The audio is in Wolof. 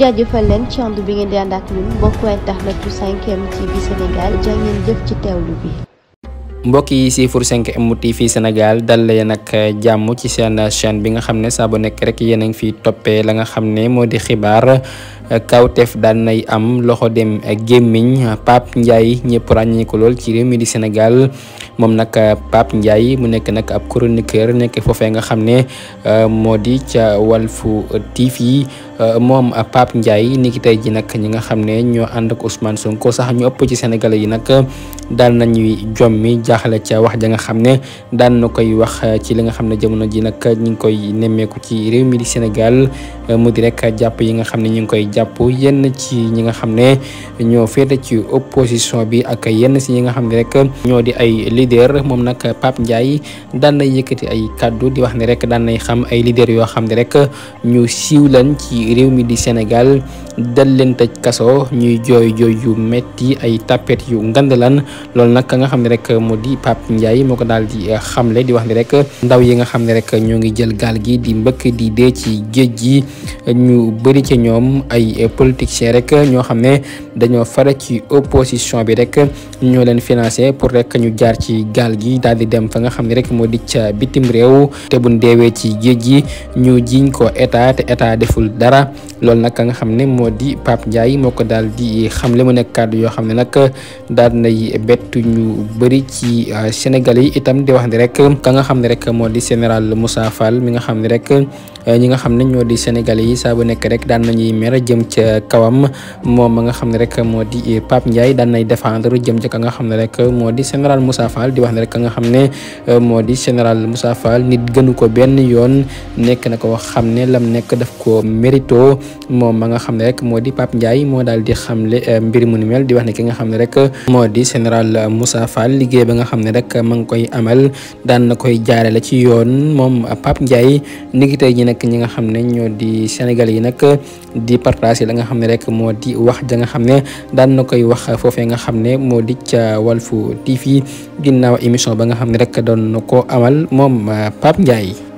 jaajëfal leen ci ànd bi ngeen di ànd bokk ñun mbokk internet bu ci m TV Sénégal jaa ngeen jëf ci teewlu bi. mbokk yi si pour 5M TV Sénégal dal leen nag eh, jàmm ci seen chaîne bi nga xam ne saa bu nekk rek yéen a ngi fiy toppee la nga xam ne moo di xibaar eh, kawteef dal nay am loxo dem eh, gémmiñ Pape Ndiaye ñëpp ràññee lool ci réew mi di Sénégal moom nag Pape Ndiaye mu nekk nag ab chroniqueur nekk foofee nga xam ne moo di ca wal Walfu TV moom Pape Ndiaye ni ki tey ji nag ñi nga xam ne ñoo ànd ak Ousmane Sonko sax ñu ëpp ci Sénégalais yi nag daal nañuy jommi jaaxale ca wax ja nga xam ne daan na koy wax eh, ci li nga xam ne jamono ji nag ñu ngi koy nemmeeku ci réew mi di Sénégal eh, mu di rek jàpp yi nga xam ne ñu ngi koy jàpp yenn ci ñi nga xam ne ñoo féete ci opposition bi ak yenn si ñi nga xam ne rek ñoo di ay leader moom nag Pape Ndiaye daan na yëkkati ay kàddu di wax ne rek daan nay xam ay leader yoo xam ne rek ñu siiw lañ ci réew mi di Sénégal dal leen tëj kaso ñuy jooy jooy yu metti ay tapet yu ngandalan loolu nag ka nga xam ne rek moo di Pape Ndiaye moo ko daal di eh, xamle di wax ni rek ndaw yi nga xam ne rek ñoo ngi jël gaal gi di mbëkk di dee ci géej gi ñu bëri ci ñoom ay eh, politiciens rek ñoo xam ne dañoo fara ci opposition bi rek ñoo leen financé pour rekk ñu jaar ci gaal gi daal di dem fa nga xam ne rek moo di ca bitim réew te buñ deewee ci géej gi ñu jiiñ ko état te état deful dara loolu nag nga xam ne moo di Pape Ndiaye moo ko daal di xamle mu nekk kàddu yoo xam ne nag daal nay bett ñu bëri ci euh, Sénégalais yi itam di wax ni rek ka nga xam ne rek moo di général Moussa Fall mi nga xam ne rek euh, ñi nga xam ne ñoo di Sénégalais yi saa bu nekk rek daan nañuy mer jëm ca kawam moom ma nga xam ne rek moo di euh, Pape njaay daan nay défendre jëm ca nga xam ne rek moo di général Moussa di wax ne rek ka nga xam ne moo di général Moussa Fall nit gënu ko benn yoon nekk na ko xam ne lam nekk daf ko mérito moom ma nga xam ne rek moo di Pape Ndiaye moo daal di xamle eh, mbir mu ni mel di wax ne ki nga xam ne rek moo di général Moussa Fall liggéey ba nga xam ne rek ma ngi koy amal daan na koy jaare ci yoon moom Pape Ndiaye ni ngi tey ñi nag ñi nga xam ne ñoo di Sénégal yi nag di partage la nga xam ne rek moo di wax ja nga xam ne daan na koy wax foofe nga xam ne moo di ca Walfu TV ginnaaw émission ba nga xam ne rek doon na ko amal moom eh, Pape Ndiaye